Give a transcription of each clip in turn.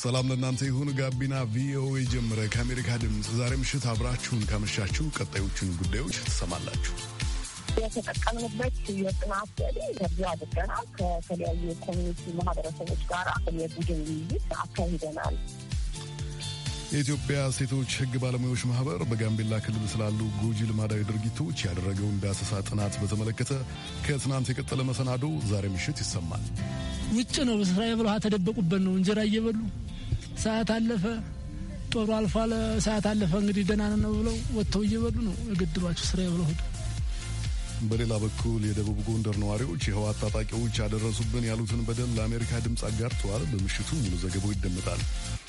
ሰላም ለእናንተ ይሁን። ጋቢና ቪኦኤ ጀምረ ከአሜሪካ ድምፅ ዛሬ ምሽት አብራችሁን ካመሻችሁ ቀጣዮቹን ጉዳዮች ትሰማላችሁ። የተጠቀምንበት የጥናት ዘዴ ከዚ አድርገናል። ከተለያዩ ኮሚኒቲ ማህበረሰቦች ጋር የቡድን ውይይት አካሂደናል። የኢትዮጵያ ሴቶች ሕግ ባለሙያዎች ማህበር በጋምቤላ ክልል ስላሉ ጎጂ ልማዳዊ ድርጊቶች ያደረገውን ዳሰሳ ጥናት በተመለከተ ከትናንት የቀጠለ መሰናዶ ዛሬ ምሽት ይሰማል። ውጭ ነው ስራ የብለሃ ተደበቁበት ነው እንጀራ እየበሉ ሰዓት አለፈ፣ ጦሩ አልፏል፣ ሰዓት አለፈ፣ እንግዲህ ደህና ነው ብለው ወጥተው እየበሉ ነው የገድሏቸው ስራ የብለው በሌላ በኩል የደቡብ ጎንደር ነዋሪዎች የህወሓት ታጣቂዎች ያደረሱብን ያሉትን በደል ለአሜሪካ ድምፅ አጋርተዋል። በምሽቱ ሙሉ ዘገባው ይደመጣል።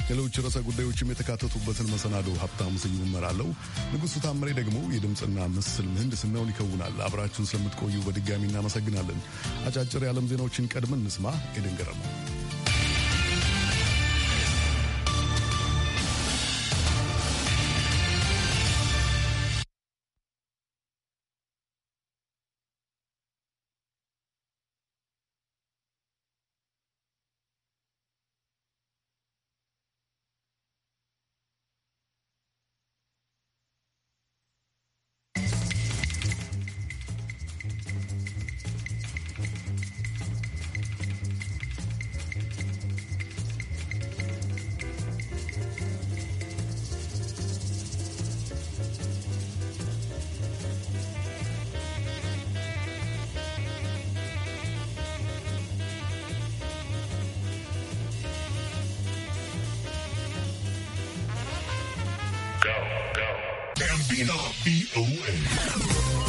ሌሎች ርዕሰ ጉዳዮችም የተካተቱበትን መሰናዶ ሀብታሙ ስዩም እመራለሁ። ንጉሡ ታምሬ ደግሞ የድምፅና ምስል ምህንድስናውን ይከውናል። አብራችሁን ስለምትቆዩ በድጋሚ እናመሰግናለን። አጫጭር የዓለም ዜናዎችን ቀድመን እንስማ። ኤደን ገረመው Be not be away.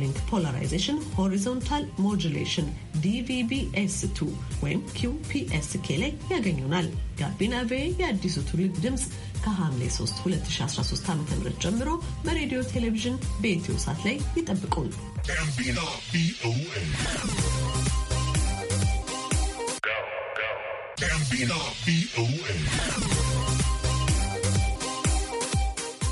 ሊንክ ፖላራይዜሽን ሆሪዞንታል ሞጁሌሽን ዲቪቢኤስ2 ወይም ኪውፒኤስኬ ላይ ያገኙናል። ጋቢና ቬ የአዲሱ ትውልድ ድምፅ ከሐምሌ 3 2013 ዓ ም ጀምሮ በሬዲዮ ቴሌቪዥን በኢትዮ ሳት ላይ ይጠብቁን። ጋቢና ቪኦኤ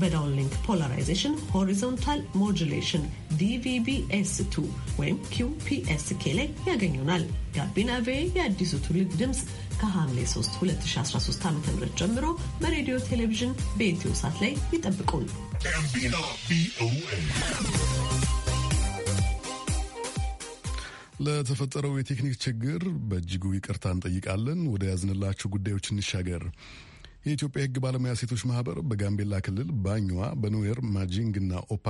በዳውንሊንክ ፖላራይዜሽን ሆሪዞንታል ሞጁሌሽን ዲቪቢኤስ2 ወይም ኪውፒኤስኬ ላይ ያገኙናል። ጋቢና ቬ የአዲሱ ትውልድ ድምፅ ከሐምሌ 3 2013 ዓ ም ጀምሮ በሬዲዮ ቴሌቪዥን በኢትዮ ሳት ላይ ይጠብቁን። ለተፈጠረው የቴክኒክ ችግር በእጅጉ ይቅርታ እንጠይቃለን። ወደ ያዝንላችሁ ጉዳዮች እንሻገር። የኢትዮጵያ ህግ ባለሙያ ሴቶች ማህበር በጋምቤላ ክልል ባኛ በኑዌር ማጂንግና ኦፓ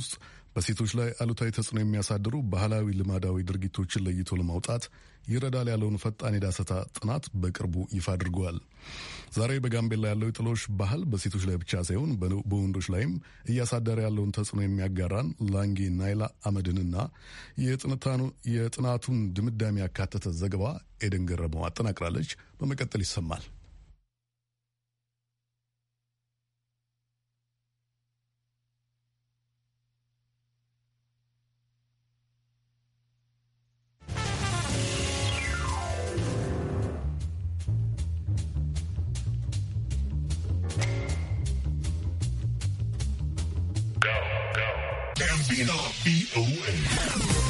ውስጥ በሴቶች ላይ አሉታዊ ተጽዕኖ የሚያሳድሩ ባህላዊ ልማዳዊ ድርጊቶችን ለይቶ ለማውጣት ይረዳል ያለውን ፈጣን የዳሰታ ጥናት በቅርቡ ይፋ አድርጓል። ዛሬ በጋምቤላ ያለው የጥሎሽ ባህል በሴቶች ላይ ብቻ ሳይሆን በወንዶች ላይም እያሳደረ ያለውን ተጽዕኖ የሚያጋራን ላንጌ ናይላ አመድንና የጥናቱን ድምዳሜ ያካተተ ዘገባ ኤደን ገረመው አጠናቅራለች። በመቀጠል ይሰማል። go, go. Gambino, B-O-A.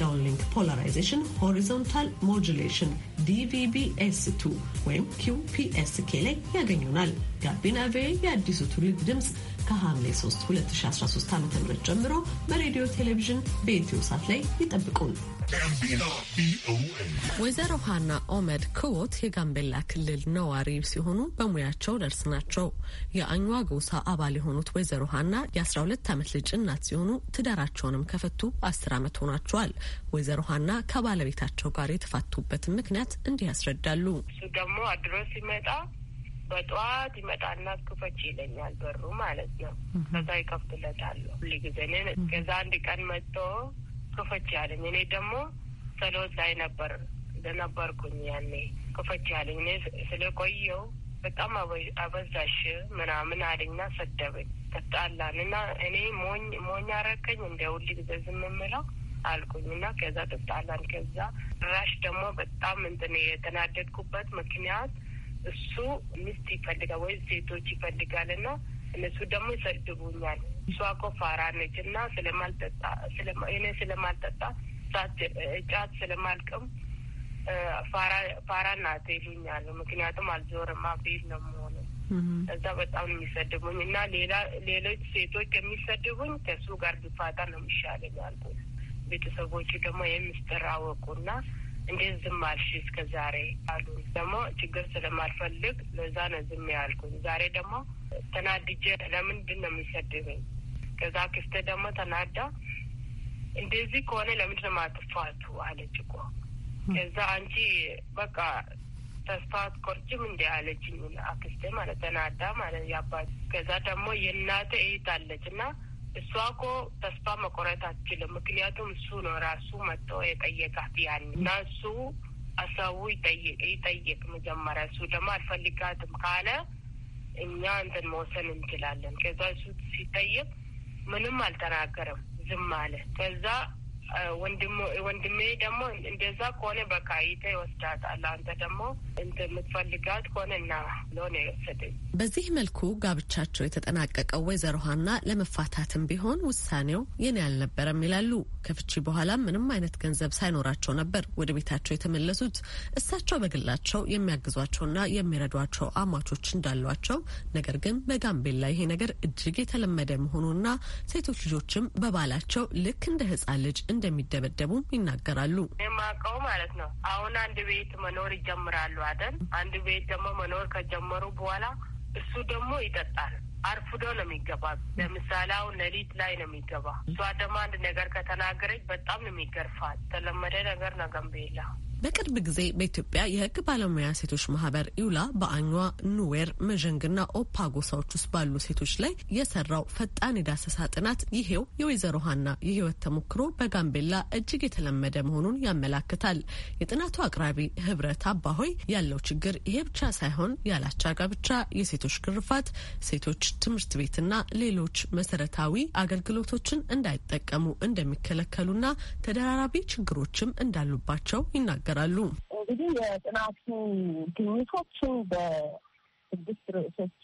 የዳውንሊንክ ፖላራይዜሽን ሆሪዞንታል ሞጁሌሽን ዲቪቢኤስ2 ወይም ኪውፒኤስኬ ላይ ያገኙናል። ጋቢና ቬ የአዲሱ ትውልድ ድምፅ ከሐምሌ 3 2013 ዓ ም ጀምሮ በሬዲዮ ቴሌቪዥን በኢትዮ ሳት ላይ ይጠብቁን። ወይዘሮ ሀና ኦመድ ክዎት የጋምቤላ ክልል ነዋሪ ሲሆኑ በሙያቸው ነርስ ናቸው። የአኟ ጎሳ አባል የሆኑት ወይዘሮ ሀና የ12 ዓመት ልጅ እናት ሲሆኑ ትዳራቸውንም ከፈቱ 10 ዓመት ሆኗቸዋል። ወይዘሮ ሀና ከባለቤታቸው ጋር የተፋቱበትን ምክንያት እንዲህ ያስረዳሉ። እሱ ደግሞ አድሮ ሲመጣ በጠዋት ይመጣና ክፈች ይለኛል፣ በሩ ማለት ነው። ከዛ ይከፍትለታለሁ ሁሉ ጊዜ እኔን። ከዛ አንድ ቀን መጥቶ ክፈች ያለኝ፣ እኔ ደግሞ ሰሎት ላይ ነበር ለነበርኩኝ ያኔ ክፈች ያለኝ። እኔ ስለቆየው በጣም አበዛሽ ምናምን አለኝና ሰደበኝ። ተጣላን እና እኔ ሞኝ ሞኝ አረከኝ እንደ ሁሉ ጊዜ ዝም የምለው አልኩኝ እና ከዛ ተጣላን። ከዛ ራሽ ደግሞ በጣም እንትን የተናደድኩበት ምክንያት እሱ ሚስት ይፈልጋል ወይም ሴቶች ይፈልጋል እና እነሱ ደግሞ ይሰድቡኛል። እሷ እኮ ፋራ ነች እና ስለማልጠጣ እኔ ስለማልጠጣ ጫት ስለማልቅም ፋራ ፋራ ናት ይሉኛል። ምክንያቱም አልዞርም አቤል ነው መሆኑ እዛ በጣም የሚሰድቡኝ እና ሌላ ሌሎች ሴቶች የሚሰድቡኝ ከሱ ጋር ቢፋታ ነው የሚሻለኝ አልኩ። ቤተሰቦቹ ደግሞ ይህ ምስጢር አወቁና እንዴት ዝም አልሽ እስከ ዛሬ አሉ። ደግሞ ችግር ስለማልፈልግ ለዛ ነው ዝም ያልኩኝ። ዛሬ ደግሞ ተናድጄ ለምንድን ነው የሚሰድብኝ? ከዛ ክስተ ደግሞ ተናዳ እንደዚህ ከሆነ ለምንድን ነው ማጥፋቱ አለች እኮ። ከዛ አንቺ በቃ ተስፋ አትቆርጭም እንዲ አለችኝ አክስቴ ማለት ተናዳ ማለት ያባት። ከዛ ደግሞ የእናተ እህት አለች እና እሷ እኮ ተስፋ መቆረጥ አትችልም። ምክንያቱም እሱ ነው ራሱ መጥቶ የጠየቃት ያን እና እሱ አሳቡ ይጠይቅ መጀመሪያ። እሱ ደግሞ አልፈልጋትም ካለ እኛ እንትን መወሰን እንችላለን። ከዛ እሱ ሲጠይቅ ምንም አልተናገረም፣ ዝም አለ። ከዛ ወንድሜ ደግሞ እንደዛ ከሆነ በቃ ይተ ይወስዳታል። አንተ ደግሞ እንትን የምትፈልጋት ከሆነ እና ለሆነ የወሰደኝ በዚህ መልኩ ጋብቻቸው የተጠናቀቀው ወይዘሮ ሀና ለመፋታትም ቢሆን ውሳኔው የኔ አልነበረም ይላሉ። ከፍቺ በኋላ ምንም አይነት ገንዘብ ሳይኖራቸው ነበር ወደ ቤታቸው የተመለሱት። እሳቸው በግላቸው የሚያግዟቸውና የሚረዷቸው አማቾች እንዳሏቸው፣ ነገር ግን በጋምቤላ ይሄ ነገር እጅግ የተለመደ መሆኑና ሴቶች ልጆችም በባላቸው ልክ እንደ ህጻን ልጅ እንደሚደበደቡም ይናገራሉ። የማውቀው ማለት ነው። አሁን አንድ ቤት መኖር ይጀምራሉ አይደል? አንድ ቤት ደግሞ መኖር ከጀመሩ በኋላ እሱ ደግሞ ይጠጣል። አርፍዶ ነው የሚገባ። ለምሳሌ አሁን ሌሊት ላይ ነው የሚገባ። እሷ ደግሞ አንድ ነገር ከተናገረች በጣም ነው የሚገርፋል። የተለመደ ነገር ነው። ገንቤላ በቅርብ ጊዜ በኢትዮጵያ የህግ ባለሙያ ሴቶች ማህበር ኢውላ በአኟ፣ ኑዌር፣ መዠንግና ኦፓ ጎሳዎች ውስጥ ባሉ ሴቶች ላይ የሰራው ፈጣን የዳሰሳ ጥናት ይሄው የወይዘሮ ሀና የህይወት ተሞክሮ በጋምቤላ እጅግ የተለመደ መሆኑን ያመላክታል። የጥናቱ አቅራቢ ህብረት አባሆይ ያለው ችግር ይሄ ብቻ ሳይሆን ያላቻ ጋብቻ፣ የሴቶች ግርፋት፣ ሴቶች ትምህርት ቤትና ሌሎች መሰረታዊ አገልግሎቶችን እንዳይጠቀሙ እንደሚከለከሉ ና ተደራራቢ ችግሮችም እንዳሉባቸው ይናገራል። ይናገራሉ። እንግዲህ የጥናቱ ግኝቶችን በስድስት ርዕሶች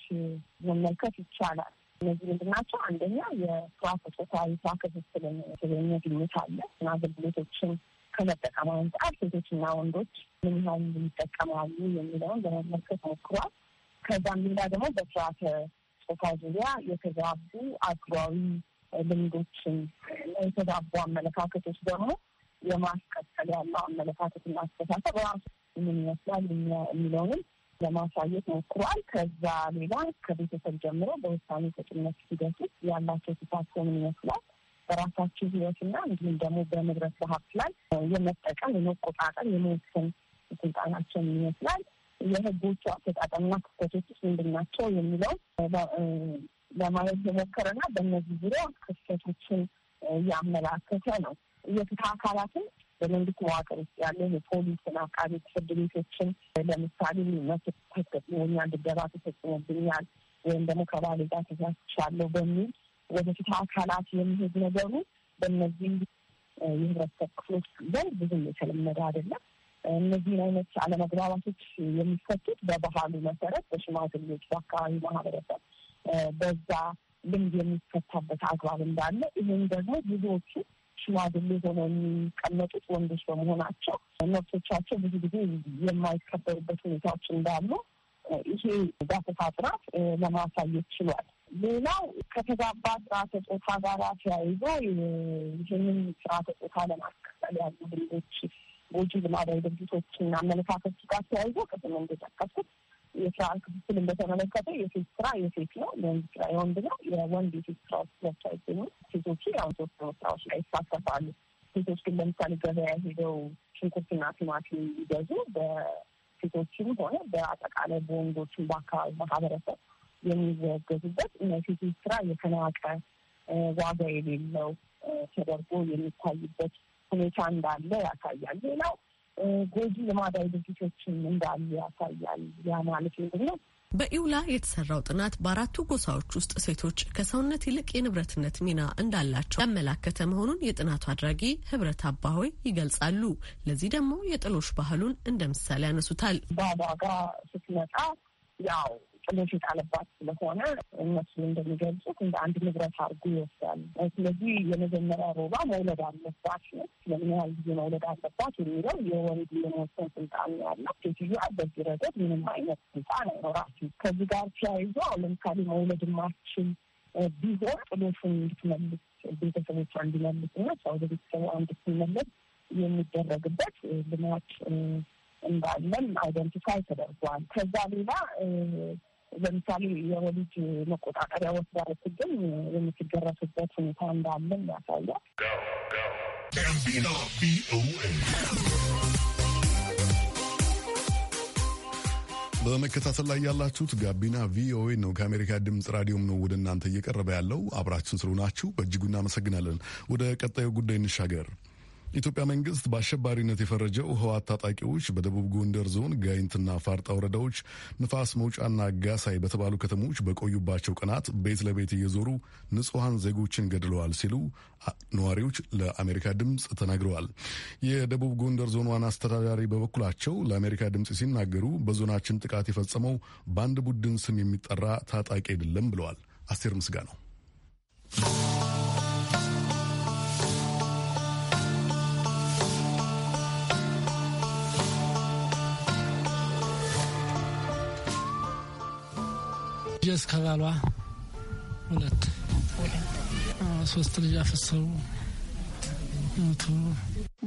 መመልከት ይቻላል። እነዚህ ምንድን ናቸው? አንደኛ የስራ ተቆታዊ ክፍፍል የተገኘ ግኝት አለ እና አገልግሎቶችን ከመጠቀም አንጻር ሴቶችና ወንዶች ምን ያህል ይጠቀማሉ የሚለውን ለመመልከት ሞክሯል። ከዛም ሌላ ደግሞ በስርዓተ ጾታ ዙሪያ የተዛቡ አግባዊ ልምዶችን የተዛቡ አመለካከቶች ደግሞ የማስቀጠል ያለው አመለካከትና አስተሳሰብ ራሱ ምን ይመስላል የሚለውንም ለማሳየት ሞክሯል። ከዛ ሌላ ከቤተሰብ ጀምሮ በውሳኔ ሰጭነት ሂደት ውስጥ ያላቸው ተሳትፎ ምን ይመስላል በራሳችን ሕይወትና እንዲሁም ደግሞ በንብረት ሀብት ላይ የመጠቀም የመቆጣጠር፣ የመወሰን ስልጣናቸው ምን ይመስላል የህጎቹ አፈጣጠምና ክፍተቶች ውስጥ ምንድን ናቸው የሚለው ለማየት የሞከረና በእነዚህ ዙሪያ ክፍተቶችን እያመላከተ ነው። የፍትህ አካላትን በመንግስት መዋቅር ውስጥ ያለ የፖሊስን፣ አቃቤ ፍርድ ቤቶችን ለምሳሌ መብት ተፈጽሞብኛል፣ ድብደባ ተፈጽሞብኛል ወይም ደግሞ ከባሌ ጋር ተሳስቻለሁ በሚል ወደ ፍትህ አካላት የሚሄድ ነገሩ በእነዚህ የህብረተሰብ ክፍሎች ዘንድ ብዙም የተለመደ አይደለም። እነዚህን አይነት አለመግባባቶች የሚፈቱት በባህሉ መሰረት በሽማግሌዎች፣ በአካባቢ ማህበረሰብ በዛ ልምድ የሚፈታበት አግባብ እንዳለ ይህም ደግሞ ብዙዎቹ ሽማግሌ ሆነው የሚቀመጡት ወንዶች በመሆናቸው መብቶቻቸው ብዙ ጊዜ የማይከበሩበት ሁኔታዎች እንዳሉ ይሄ ዳሰሳ ጥናት ለማሳየት ችሏል። ሌላው ከተዛባ ስርዓተ ፆታ ጋር ተያይዞ ይህንን ስርዓተ ፆታ ለማስቀጠል ያሉ ድርጅቶች ጎጂ ልማዳዊ ድርጊቶችና አመለካከቶች ጋር ተያይዞ ቅድም እንደጠቀስኩት የስራ ክፍፍል በተመለከተ የሴት ስራ የሴት ነው፣ የወንድ ስራ የወንድ ነው። የወንድ የሴት ስራ ውስጥ ብቻ ይገኙ ሴቶች ያው ሶስት ስራዎች ላይ ይሳተፋሉ። ሴቶች ግን ለምሳሌ ገበያ ሄደው ሽንኩርትና ቲማቲም ይገዙ በሴቶችም ሆነ በአጠቃላይ በወንዶችም በአካባቢ ማህበረሰብ የሚዘገዙበት እና የሴቶች ስራ የተናቀ ዋጋ የሌለው ተደርጎ የሚታይበት ሁኔታ እንዳለ ያሳያል። ሌላው ጎጂ ልማዳዊ ድርጊቶችን እንዳሉ ያሳያል። ያ ማለት ምንድን ነው? በኢውላ የተሰራው ጥናት በአራቱ ጎሳዎች ውስጥ ሴቶች ከሰውነት ይልቅ የንብረትነት ሚና እንዳላቸው ያመላከተ መሆኑን የጥናቱ አድራጊ ህብረት አባሆይ ይገልጻሉ። ለዚህ ደግሞ የጥሎሽ ባህሉን እንደ ምሳሌ ያነሱታል። በዋጋ ስትመጣ ያው ጥሎሽ የጣለባት ስለሆነ እነሱ እንደሚገልጹት እንደ አንድ ንብረት አድርጎ ይወስዳሉ። ስለዚህ የመጀመሪያ ሮባ መውለድ አለባት ነው። ስለምን ያህል ጊዜ መውለድ አለባት የሚለው የወንድ የመወሰን ስልጣን ነው ያለው። ሴትዮዋ በዚህ ረገድ ምንም አይነት ስልጣን አይኖራትም። ከዚህ ጋር ተያይዞ ለምሳሌ መውለድ ማችል ቢሆን ጥሎሹን እንድትመልስ ቤተሰቦቿ እንዲመልስ እና ሰው ቤተሰቡ እንድትመለስ የሚደረግበት ልማት እንዳለን አይደንቲፋይ ተደርጓል። ከዛ ሌላ ለምሳሌ የወሊድ መቆጣጠሪያ ወስዳ ስግን የምትደረሱበት ሁኔታ እንዳለን ያሳያል። በመከታተል ላይ ያላችሁት ጋቢና ቪኦኤ ነው። ከአሜሪካ ድምፅ ራዲዮም ነው ወደ እናንተ እየቀረበ ያለው። አብራችን ስለሆናችሁ በእጅጉ እናመሰግናለን። ወደ ቀጣዩ ጉዳይ እንሻገር። የኢትዮጵያ መንግስት በአሸባሪነት የፈረጀው ህወሓት ታጣቂዎች በደቡብ ጎንደር ዞን ጋይንትና ፋርጣ ወረዳዎች ንፋስ መውጫና ጋሳይ በተባሉ ከተሞች በቆዩባቸው ቀናት ቤት ለቤት እየዞሩ ንጹሐን ዜጎችን ገድለዋል ሲሉ ነዋሪዎች ለአሜሪካ ድምፅ ተናግረዋል። የደቡብ ጎንደር ዞን ዋና አስተዳዳሪ በበኩላቸው ለአሜሪካ ድምፅ ሲናገሩ በዞናችን ጥቃት የፈጸመው በአንድ ቡድን ስም የሚጠራ ታጣቂ አይደለም ብለዋል። አስቴር ምስጋ ነው። ልጅስ ከባሏ ሁለት ሶስት ልጅ አፈሰቡ።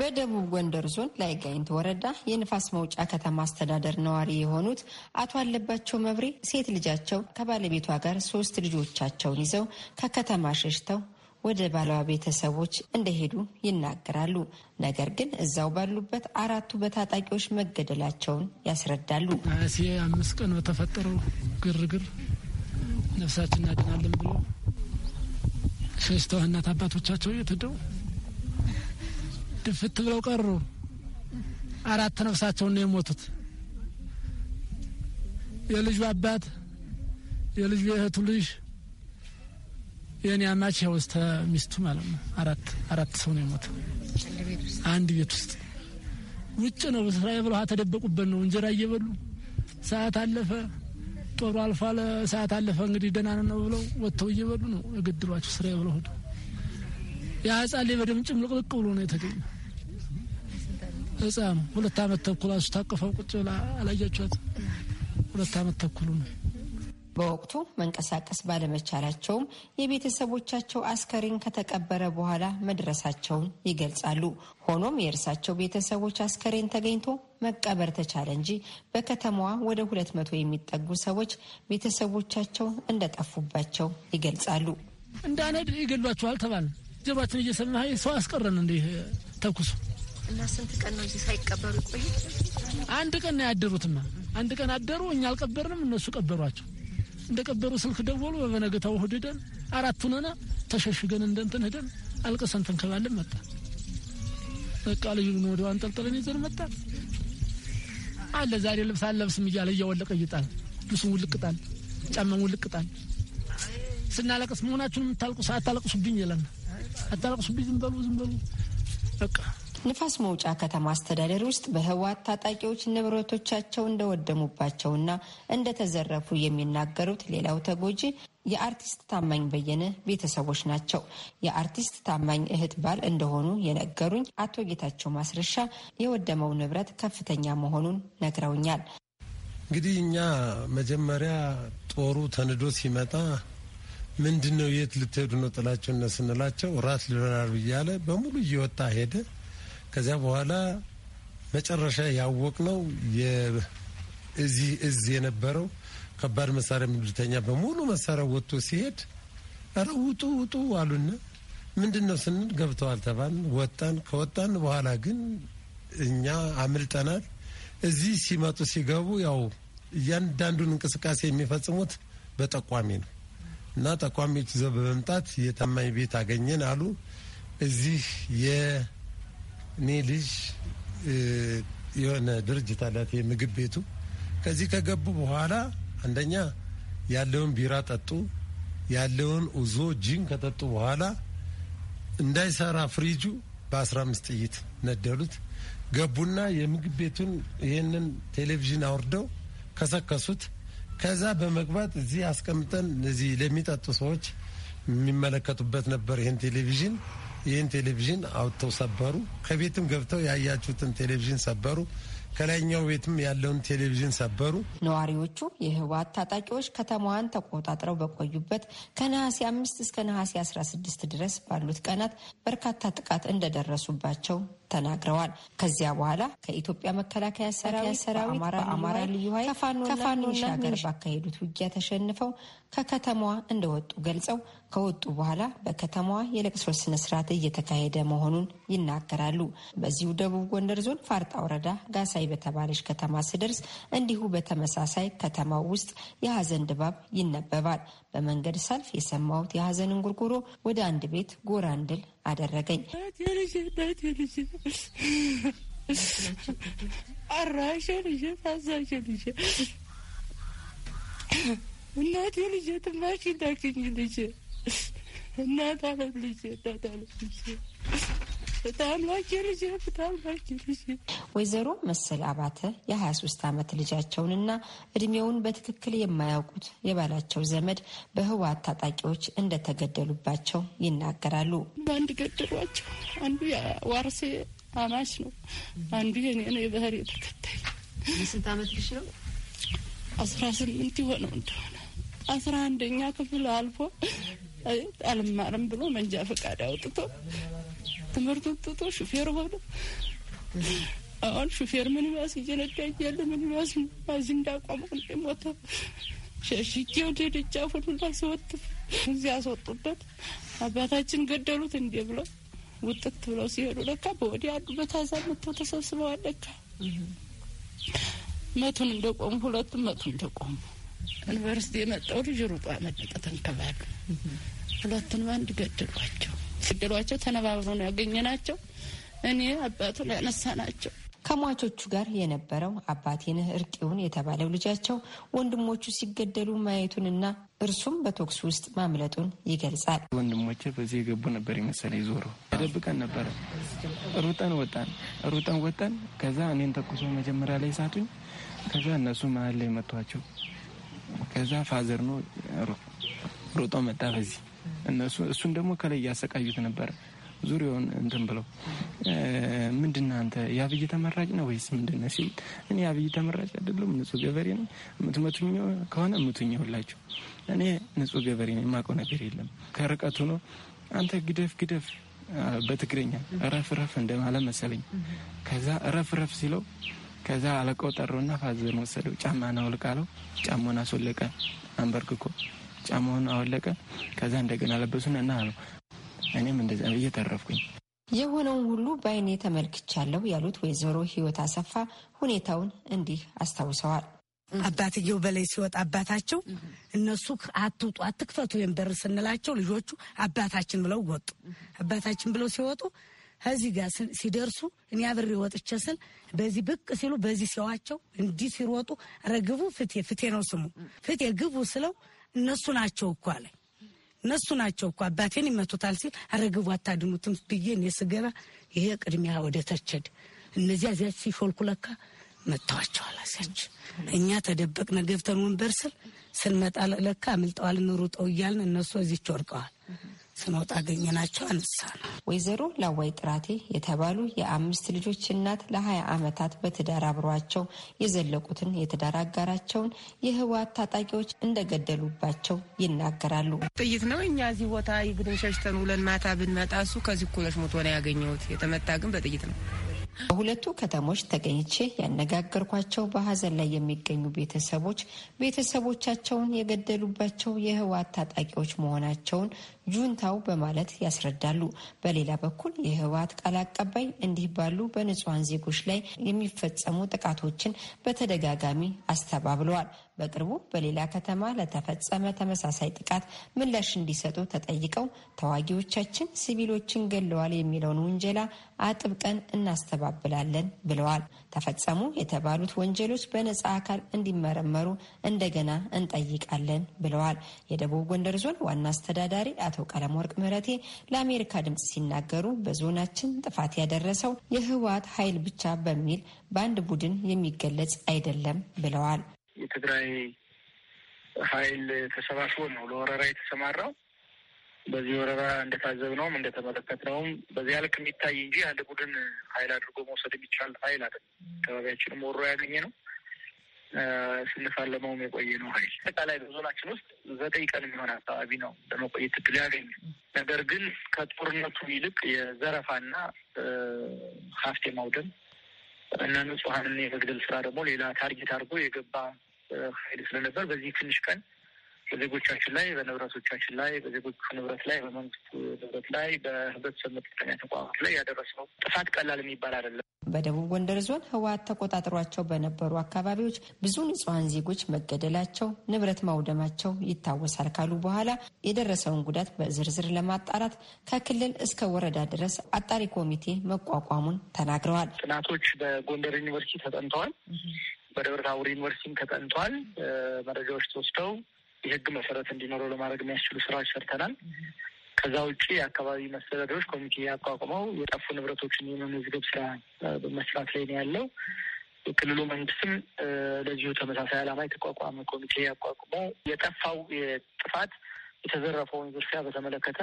በደቡብ ጎንደር ዞን ላይ ጋይንት ወረዳ የንፋስ መውጫ ከተማ አስተዳደር ነዋሪ የሆኑት አቶ አለባቸው መብሬ ሴት ልጃቸው ከባለቤቷ ጋር ሶስት ልጆቻቸውን ይዘው ከከተማ ሸሽተው ወደ ባለዋ ቤተሰቦች እንደሄዱ ይናገራሉ። ነገር ግን እዛው ባሉበት አራቱ በታጣቂዎች መገደላቸውን ያስረዳሉ። አምስት ቀን በተፈጠረው ግርግር ነፍሳችን እናድናለን ብለው ሸሽተው እናት አባቶቻቸው የትደው ድፍት ብለው ቀሩ። አራት ነፍሳቸውን ነው የሞቱት። የልጁ አባት፣ የልጁ የእህቱ ልጅ፣ የእኔ አማች ውስተ ሚስቱ ማለት ነው። አራት አራት ሰው ነው የሞቱ አንድ ቤት ውስጥ። ውጭ ነው ስራ ብለው ተደበቁበት ነው እንጀራ እየበሉ ሰዓት አለፈ። ጦሩ አልፋ ለሰዓት አለፈ፣ እንግዲህ ደህና ነው ብለው ወጥተው እየበሉ ነው የገድሏቸው። ስራ ብለው ሄዱ። የህፃን ላይ በደም ጭምልቅልቅ ብሎ ነው የተገኘ ህፃኑ ሁለት አመት ተኩል እሱ ታቀፈው ቁጭ ብላ አላያችኋት? ሁለት አመት ተኩሉ ነው በወቅቱ መንቀሳቀስ ባለመቻላቸውም የቤተሰቦቻቸው አስከሬን ከተቀበረ በኋላ መድረሳቸውን ይገልጻሉ። ሆኖም የእርሳቸው ቤተሰቦች አስከሬን ተገኝቶ መቀበር ተቻለ እንጂ በከተማዋ ወደ ሁለት መቶ የሚጠጉ ሰዎች ቤተሰቦቻቸው እንደጠፉባቸው ይገልጻሉ። እንዳነድ ይገሏቸዋል ተባል ጀባችን እየሰማ ሰው አስቀረን እንዲህ ተኩሱ እና ስንት ቀን ነው እዚህ ሳይቀበሩ ቆይ? አንድ ቀን ነው ያደሩትማ። አንድ ቀን አደሩ። እኛ አልቀበርንም፣ እነሱ ቀበሯቸው። እንደቀበሩ ስልክ ደወሉ። በበነገታው እሑድ ሄደን አራቱን ሆነ ተሸሽገን እንደንትን ሄደን አልቀሰን ተንከባለን መጣ። በቃ ልዩን ወደ አንጠልጥለን ይዘን መጣ አለ። ዛሬ ልብስ አለብስም እያለ እያወለቀ ይጣል፣ ልብሱን ውልቅጣል፣ ጫማን ውልቅጣል። ስናለቅስ መሆናችሁን የምታልቁስ አታለቅሱብኝ ይለና አታለቅሱብኝ፣ ዝም በሉ ዝም በሉ በቃ ንፋስ መውጫ ከተማ አስተዳደር ውስጥ በህወሓት ታጣቂዎች ንብረቶቻቸው እንደወደሙባቸውና እንደተዘረፉ የሚናገሩት ሌላው ተጎጂ የአርቲስት ታማኝ በየነ ቤተሰቦች ናቸው። የአርቲስት ታማኝ እህት ባል እንደሆኑ የነገሩኝ አቶ ጌታቸው ማስረሻ የወደመው ንብረት ከፍተኛ መሆኑን ነግረውኛል። እንግዲህ እኛ መጀመሪያ ጦሩ ተንዶ ሲመጣ ምንድን ነው የት ልትሄዱ ነው ጥላቸውነ ስንላቸው ራት ልበላሉ እያለ በሙሉ እየወጣ ሄደ። ከዚያ በኋላ መጨረሻ ያወቅ ነው እዚህ እዝ የነበረው ከባድ መሳሪያ ምድርተኛ በሙሉ መሳሪያ ወጥቶ ሲሄድ ኧረ ውጡ ውጡ አሉና ምንድን ነው ስንል ገብተዋል ተባል። ወጣን። ከወጣን በኋላ ግን እኛ አምልጠናል። እዚህ ሲመጡ ሲገቡ ያው እያንዳንዱን እንቅስቃሴ የሚፈጽሙት በጠቋሚ ነው እና ጠቋሚዎች ይዘው በመምጣት የታማኝ ቤት አገኘን አሉ እዚህ እኔ ልጅ የሆነ ድርጅት አላት የምግብ ቤቱ። ከዚህ ከገቡ በኋላ አንደኛ ያለውን ቢራ ጠጡ፣ ያለውን ኡዞ ጂን ከጠጡ በኋላ እንዳይሰራ ፍሪጁ በ15 ጥይት ነደሉት። ገቡና የምግብ ቤቱን ይህንን ቴሌቪዥን አውርደው ከሰከሱት። ከዛ በመግባት እዚህ አስቀምጠን እዚህ ለሚጠጡ ሰዎች የሚመለከቱበት ነበር ይህን ቴሌቪዥን ይህን ቴሌቪዥን አውጥተው ሰበሩ። ከቤትም ገብተው ያያችሁትን ቴሌቪዥን ሰበሩ። ከላይኛው ቤትም ያለውን ቴሌቪዥን ሰበሩ። ነዋሪዎቹ የህወሓት ታጣቂዎች ከተማዋን ተቆጣጥረው በቆዩበት ከነሐሴ አምስት እስከ ነሐሴ አስራ ስድስት ድረስ ባሉት ቀናት በርካታ ጥቃት እንደደረሱባቸው ተናግረዋል። ከዚያ በኋላ ከኢትዮጵያ መከላከያ ሰራዊት በአማራ ልዩ ኃይል ከፋኖ ሻገር ባካሄዱት ውጊያ ተሸንፈው ከከተማዋ እንደወጡ ገልጸው ከወጡ በኋላ በከተማዋ የለቅሶ ስነ ስርዓት እየተካሄደ መሆኑን ይናገራሉ። በዚሁ ደቡብ ጎንደር ዞን ፋርጣ ወረዳ ጋሳይ በተባለች ከተማ ስደርስ እንዲሁ በተመሳሳይ ከተማው ውስጥ የሀዘን ድባብ ይነበባል። በመንገድ ሰልፍ የሰማሁት የሀዘንን ጉርጉሮ ወደ አንድ ቤት ጎራ እንድል አደረገኝ። አራሽ ልጅ ታዛሽ ልጅ እናቴ ልጅ እናት አለት ልጅ እናት አለት ልጅ በጣም ላኪ በጣም ላኪ ወይዘሮ መሰል አባተ የ23 ዓመት ልጃቸውንና እድሜውን በትክክል የማያውቁት የባላቸው ዘመድ በህወሓት ታጣቂዎች እንደተገደሉባቸው ይናገራሉ። በአንድ ገደሏቸው። አንዱ ዋርሴ አማች ነው፣ አንዱ የኔ ነው የባህር የተከታይ ስንት ዓመት ልጅ ነው? አስራ ስምንት የሆነው እንደሆነ አስራ አንደኛ ክፍል አልፎ አልማርም ብሎ መንጃ ፈቃድ አውጥቶ ትምህርቱን ትቶ ሹፌር ሆነ። አሁን ሹፌር ምን ይባስ እየነዳ እያለ ምን ባስ ባዝ እንዳቆመው እንደሞተ ሸሽጌ ወደ ደጃፍ ሁላ ሲወጥፍ እዚያ ያስወጡበት አባታችን ገደሉት እንዴ ብሎ ውጥት ብለው ሲሄዱ ለካ በወዲያ አንዱ በታዛ መጥተው ተሰብስበዋል። ለካ መቱን እንደቆሙ ሁለቱም መቱን እንደቆሙ ዩኒቨርሲቲ የመጣው ልጅ ሩጧ መለጠ ተንከባሉ። ሁለቱንም አንድ ገደሏቸው። ገደሏቸው። ተነባብሮ ነው ያገኘ ናቸው። እኔ አባቱ ላይ ያነሳ ናቸው። ከሟቾቹ ጋር የነበረው አባቴንህ እርቂውን የተባለው ልጃቸው ወንድሞቹ ሲገደሉ ማየቱንና እርሱም በቶክስ ውስጥ ማምለጡን ይገልጻል። ወንድሞች በዚህ የገቡ ነበር የመሰለኝ። ዞሮ ተደብቀን ነበረ። ሩጠን ወጣን፣ ሩጠን ወጣን። ከዛ እኔን ተኩሶ መጀመሪያ ላይ ሳቱኝ። ከዛ እነሱ መሀል ላይ መቷቸው። ከዛ ፋዘር ነው ሩጦ መጣ በዚህ እነሱ እሱን ደግሞ ከላይ እያሰቃዩት ነበር ዙሪያውን እንትን ብለው ምንድን አንተ የአብይ ተመራጭ ነው ወይስ ምንድን ነው ሲል እኔ የአብይ ተመራጭ አይደለም ንጹህ ገበሬ ነው። ምትመቱኝ ከሆነ ምቱኝ ሁላችሁ። እኔ ንጹህ ገበሬ ነው፣ የማውቀው ነገር የለም። ከርቀቱ ነው አንተ ግደፍ ግደፍ በትግረኛ ረፍረፍ እንደማለ መሰለኝ። ከዛ ረፍረፍ ሲለው ከዛ አለቀው ጠረውና ፋዘን ወሰደው። ጫማ ናውልቃለው ጫማውን አስወለቀ አንበርክኮ ጫማውን አወለቀ። ከዛ እንደገና ለበሱን እና ነው እኔም እንደዚ እየተረፍኩኝ የሆነውን ሁሉ በአይኔ ተመልክቻለሁ ያሉት ወይዘሮ ህይወት አሰፋ ሁኔታውን እንዲህ አስታውሰዋል። አባትየው በላይ ሲወጣ አባታቸው እነሱ አትውጡ፣ አትክፈቱ ወይም በር ስንላቸው ልጆቹ አባታችን ብለው ወጡ። አባታችን ብለው ሲወጡ ከዚህ ጋር ሲደርሱ እኔ አብሬ ወጥቼ ስል በዚህ ብቅ ሲሉ በዚህ ሲዋቸው እንዲህ ሲሮጡ ረግቡ ፍቴ ፍቴ ነው ስሙ ፍቴ ግቡ ስለው እነሱ ናቸው እኮ አለ እነሱ ናቸው እኮ አባቴን ይመቱታል ሲል አረግቡ አታድኑትም ብዬ እኔ ስገባ ይሄ ቅድሚያ ወደ ተቸድ እነዚያ ዚያች ሲሾልኩ ለካ መጥተዋቸዋል። አዚያች እኛ ተደበቅን ገብተን ወንበር ስል ስንመጣ ለካ አምልጠዋል፣ እንሩጠው እያልን እነሱ እዚች ወድቀዋል። ስንወጣ አገኘናቸው። አነሳ ነው ወይዘሮ ላዋይ ጥራቴ የተባሉ የአምስት ልጆች እናት ለሀያ ዓመታት በትዳር አብሯቸው የዘለቁትን የትዳር አጋራቸውን የህወሓት ታጣቂዎች እንደገደሉባቸው ይናገራሉ። ጥይት ነው። እኛ እዚህ ቦታ ይግድም ሸሽተን ውለን ማታ ብንመጣ እሱ ከዚህ እኩሎች ሞቶ ነው ያገኘሁት። የተመታ ግን በጥይት ነው። በሁለቱ ከተሞች ተገኝቼ ያነጋገርኳቸው በሀዘን ላይ የሚገኙ ቤተሰቦች ቤተሰቦቻቸውን የገደሉባቸው የህወሓት ታጣቂዎች መሆናቸውን ጁንታው በማለት ያስረዳሉ። በሌላ በኩል የህወሀት ቃል አቀባይ እንዲህ ባሉ በንጹሐን ዜጎች ላይ የሚፈጸሙ ጥቃቶችን በተደጋጋሚ አስተባብለዋል። በቅርቡ በሌላ ከተማ ለተፈጸመ ተመሳሳይ ጥቃት ምላሽ እንዲሰጡ ተጠይቀው ተዋጊዎቻችን ሲቪሎችን ገለዋል የሚለውን ውንጀላ አጥብቀን እናስተባብላለን ብለዋል። ተፈጸሙ የተባሉት ወንጀሎች በነጻ አካል እንዲመረመሩ እንደገና እንጠይቃለን ብለዋል። የደቡብ ጎንደር ዞን ዋና አስተዳዳሪ አቶ ወርቅ ምህረቴ ለአሜሪካ ድምፅ ሲናገሩ በዞናችን ጥፋት ያደረሰው የህወሓት ኃይል ብቻ በሚል በአንድ ቡድን የሚገለጽ አይደለም ብለዋል። የትግራይ ኃይል ተሰባስቦ ነው ለወረራ የተሰማራው። በዚህ ወረራ እንደታዘብነውም እንደተመለከትነውም በዚያ ልክ የሚታይ እንጂ አንድ ቡድን ኃይል አድርጎ መውሰድ የሚቻል ኃይል አይደለም። አካባቢያችንም ወሮ ያገኘ ነው ስንፋለመውም የቆየ ነው ሀይል አጠቃላይ በዞናችን ውስጥ ዘጠኝ ቀን የሚሆን አካባቢ ነው ለመቆየት እድል ያገኙ። ነገር ግን ከጦርነቱ ይልቅ የዘረፋና ሀብት የማውደም እና ንጹሐንን የመግደል ስራ ደግሞ ሌላ ታርጌት አድርጎ የገባ ሀይል ስለነበር በዚህ ትንሽ ቀን በዜጎቻችን ላይ፣ በንብረቶቻችን ላይ፣ በዜጎቹ ንብረት ላይ፣ በመንግስት ንብረት ላይ፣ በህብረተሰብ መጠቀሚያ ተቋማት ላይ ያደረሰው ጥፋት ቀላል የሚባል አይደለም። በደቡብ ጎንደር ዞን ህወሓት ተቆጣጥሯቸው በነበሩ አካባቢዎች ብዙ ንጹሐን ዜጎች መገደላቸው፣ ንብረት ማውደማቸው ይታወሳል ካሉ በኋላ የደረሰውን ጉዳት በዝርዝር ለማጣራት ከክልል እስከ ወረዳ ድረስ አጣሪ ኮሚቴ መቋቋሙን ተናግረዋል። ጥናቶች በጎንደር ዩኒቨርሲቲ ተጠንተዋል። በደብረ ታቦር ዩኒቨርሲቲም ተጠንተዋል። መረጃዎች ተወስደው የህግ መሰረት እንዲኖረው ለማድረግ የሚያስችሉ ስራዎች ሰርተናል። ከዛ ውጭ የአካባቢ መስተዳደሮች ኮሚቴ አቋቁመው የጠፉ ንብረቶችን የመመዝገብ ስራ መስራት ላይ ነው ያለው። የክልሉ መንግስትም ለዚሁ ተመሳሳይ ዓላማ የተቋቋመ ኮሚቴ አቋቁመው የጠፋው የጥፋት የተዘረፈውን ዝርፊያ በተመለከተ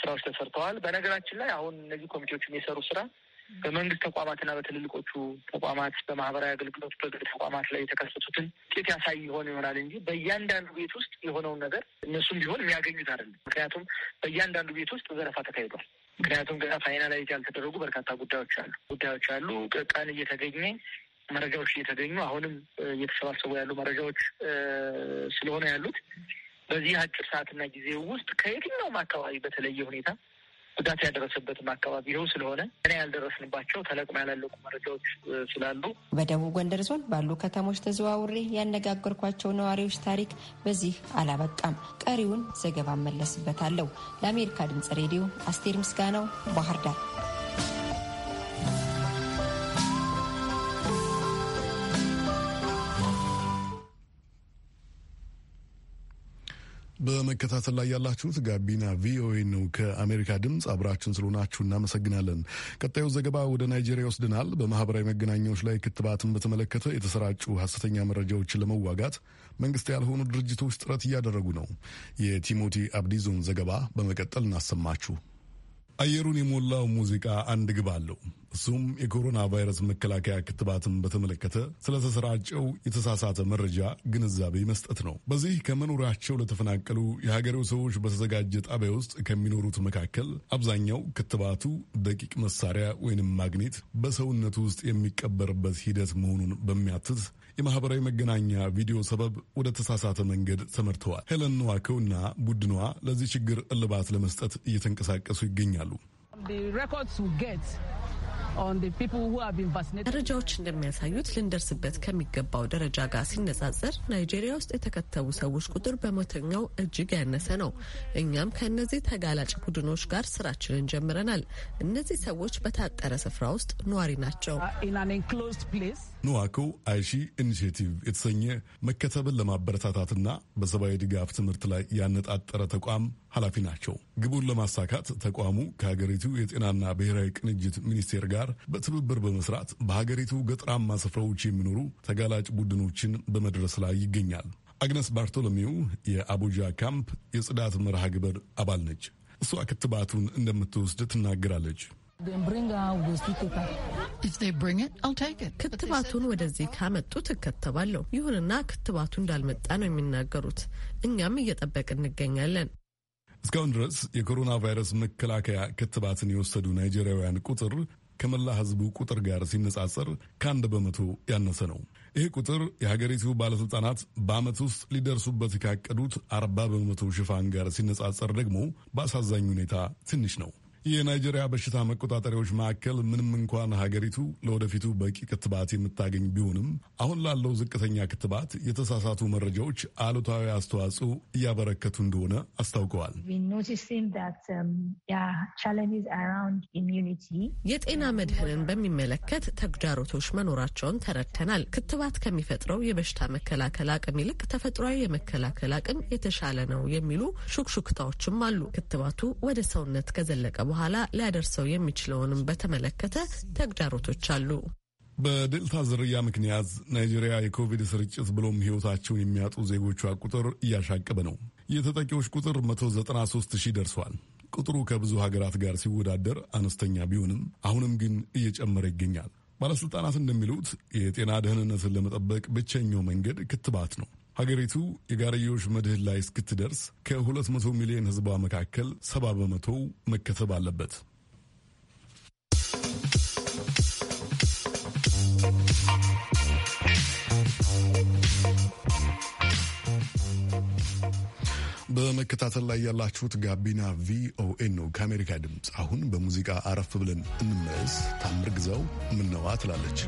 ስራዎች ተሰርተዋል። በነገራችን ላይ አሁን እነዚህ ኮሚቴዎች የሚሰሩ ስራ በመንግስት ተቋማትና በትልልቆቹ ተቋማት በማህበራዊ አገልግሎት በግል ተቋማት ላይ የተከሰቱትን ውጤት ያሳይ የሆነ ይሆናል እንጂ በእያንዳንዱ ቤት ውስጥ የሆነውን ነገር እነሱም ቢሆን የሚያገኙት አይደለም። ምክንያቱም በእያንዳንዱ ቤት ውስጥ ዘረፋ ተካሂዷል። ምክንያቱም ገና ፋይናላይዝ ያልተደረጉ በርካታ ጉዳዮች አሉ ጉዳዮች አሉ ቀን እየተገኘ መረጃዎች እየተገኙ አሁንም እየተሰባሰቡ ያሉ መረጃዎች ስለሆነ ያሉት በዚህ አጭር ሰዓትና ጊዜ ውስጥ ከየትኛውም አካባቢ በተለየ ሁኔታ ጉዳት ያደረሰበትም አካባቢ ይኸው ስለሆነ እኔ ያልደረስንባቸው ተለቅሞ ያላለቁ መረጃዎች ስላሉ በደቡብ ጎንደር ዞን ባሉ ከተሞች ተዘዋውሬ ያነጋገርኳቸው ነዋሪዎች ታሪክ በዚህ አላበቃም። ቀሪውን ዘገባ መለስበታለሁ ለአሜሪካ ድምጽ ሬዲዮ አስቴር ምስጋናው ባህር ዳር። በመከታተል ላይ ያላችሁት ጋቢና ቪኦኤ ነው። ከአሜሪካ ድምፅ አብራችን ስለሆናችሁ እናመሰግናለን። ቀጣዩ ዘገባ ወደ ናይጄሪያ ይወስድናል። በማህበራዊ መገናኛዎች ላይ ክትባትን በተመለከተ የተሰራጩ ሀሰተኛ መረጃዎችን ለመዋጋት መንግስት ያልሆኑ ድርጅቶች ጥረት እያደረጉ ነው። የቲሞቲ አብዲዞን ዘገባ በመቀጠል እናሰማችሁ። አየሩን የሞላው ሙዚቃ አንድ ግብ አለው። እሱም የኮሮና ቫይረስ መከላከያ ክትባትን በተመለከተ ስለተሰራጨው የተሳሳተ መረጃ ግንዛቤ መስጠት ነው። በዚህ ከመኖሪያቸው ለተፈናቀሉ የሀገሬው ሰዎች በተዘጋጀ ጣቢያ ውስጥ ከሚኖሩት መካከል አብዛኛው ክትባቱ ደቂቅ መሳሪያ ወይንም ማግኔት በሰውነቱ ውስጥ የሚቀበርበት ሂደት መሆኑን በሚያትት የማህበራዊ መገናኛ ቪዲዮ ሰበብ ወደ ተሳሳተ መንገድ ተመርተዋል። ሄለን ነዋከውና ቡድኗ ለዚህ ችግር እልባት ለመስጠት እየተንቀሳቀሱ ይገኛሉ። ይናገራሉ። መረጃዎች እንደሚያሳዩት ልንደርስበት ከሚገባው ደረጃ ጋር ሲነጻጸር ናይጄሪያ ውስጥ የተከተቡ ሰዎች ቁጥር በመቶኛው እጅግ ያነሰ ነው። እኛም ከእነዚህ ተጋላጭ ቡድኖች ጋር ስራችንን ጀምረናል። እነዚህ ሰዎች በታጠረ ስፍራ ውስጥ ነዋሪ ናቸው። ኖዋኮ uh, አይሺ ኢኒሽቲቭ የተሰኘ መከተብን ለማበረታታትና በሰብአዊ ድጋፍ ትምህርት ላይ ያነጣጠረ ተቋም ኃላፊ ናቸው። ግቡን ለማሳካት ተቋሙ ከሀገሪቱ የጤናና ብሔራዊ ቅንጅት ሚኒስቴር ጋር በትብብር በመስራት በሀገሪቱ ገጠራማ ስፍራዎች የሚኖሩ ተጋላጭ ቡድኖችን በመድረስ ላይ ይገኛል። አግነስ ባርቶሎሜው የአቡጃ ካምፕ የጽዳት መርሃ ግብር አባል ነች። እሷ ክትባቱን እንደምትወስድ ትናገራለች። ክትባቱን ወደዚህ ካመጡት እከተባለሁ። ይሁንና ክትባቱ እንዳልመጣ ነው የሚናገሩት። እኛም እየጠበቅ እንገኛለን። እስካሁን ድረስ የኮሮና ቫይረስ መከላከያ ክትባትን የወሰዱ ናይጄሪያውያን ቁጥር ከመላ ሕዝቡ ቁጥር ጋር ሲነጻጸር ከአንድ በመቶ ያነሰ ነው። ይህ ቁጥር የሀገሪቱ ባለሥልጣናት በዓመት ውስጥ ሊደርሱበት ካቀዱት አርባ በመቶ ሽፋን ጋር ሲነጻጸር ደግሞ በአሳዛኝ ሁኔታ ትንሽ ነው። የናይጄሪያ በሽታ መቆጣጠሪያዎች ማዕከል ምንም እንኳን ሀገሪቱ ለወደፊቱ በቂ ክትባት የምታገኝ ቢሆንም አሁን ላለው ዝቅተኛ ክትባት የተሳሳቱ መረጃዎች አሉታዊ አስተዋጽኦ እያበረከቱ እንደሆነ አስታውቀዋል። um, የጤና መድህንን በሚመለከት ተግዳሮቶች መኖራቸውን ተረድተናል። ክትባት ከሚፈጥረው የበሽታ መከላከል አቅም ይልቅ ተፈጥሯዊ የመከላከል አቅም የተሻለ ነው የሚሉ ሹክሹክታዎችም አሉ። ክትባቱ ወደ ሰውነት ከዘለቀ በኋላ ሊያደርሰው የሚችለውንም በተመለከተ ተግዳሮቶች አሉ። በዴልታ ዝርያ ምክንያት ናይጄሪያ የኮቪድ ስርጭት ብሎም ሕይወታቸውን የሚያጡ ዜጎቿ ቁጥር እያሻቀበ ነው። የተጠቂዎች ቁጥር 193 ሺህ ደርሷል። ቁጥሩ ከብዙ ሀገራት ጋር ሲወዳደር አነስተኛ ቢሆንም አሁንም ግን እየጨመረ ይገኛል። ባለሥልጣናት እንደሚሉት የጤና ደህንነትን ለመጠበቅ ብቸኛው መንገድ ክትባት ነው። ሀገሪቱ የጋርዮሽ መድህን ላይ እስክትደርስ ከ200 ሚሊዮን ህዝቧ መካከል 70 በመቶ መከተብ አለበት። በመከታተል ላይ ያላችሁት ጋቢና ቪኦኤ ነው ከአሜሪካ ድምፅ። አሁን በሙዚቃ አረፍ ብለን እንመለስ። ታምር ግዛው ምነዋ ትላለች።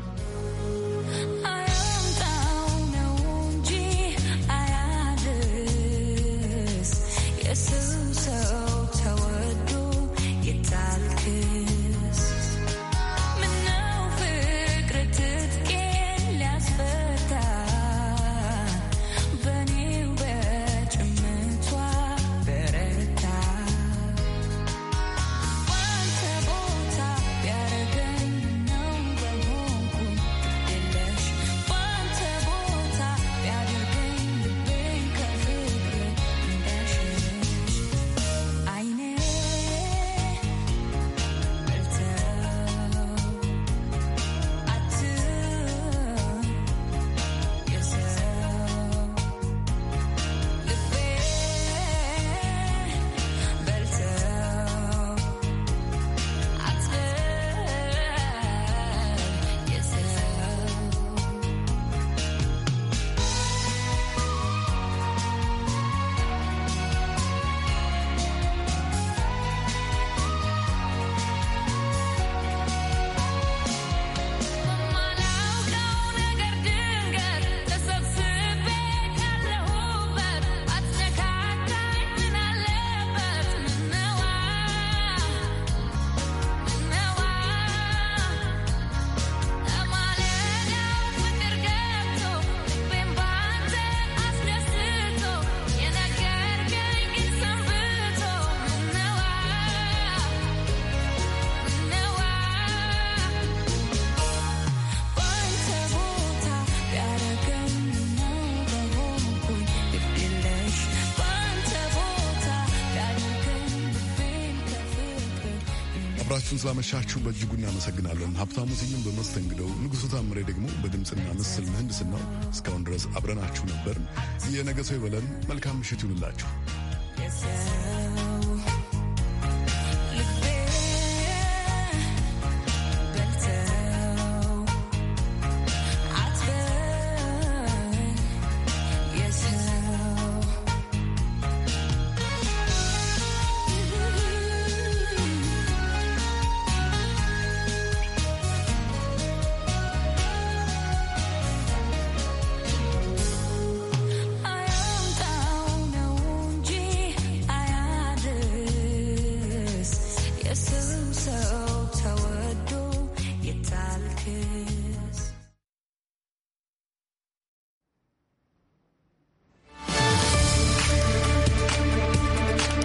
አብራችሁን ስላመሻችሁ በእጅጉ እናመሰግናለን። ሀብታሙ ስዩም በመስተንግደው፣ ንጉሡ ታምሬ ደግሞ በድምፅና ምስል ምህንድስናው እስካሁን ድረስ አብረናችሁ ነበር። የነገ ሰው ይበለን። መልካም ምሽት ይሁንላችሁ።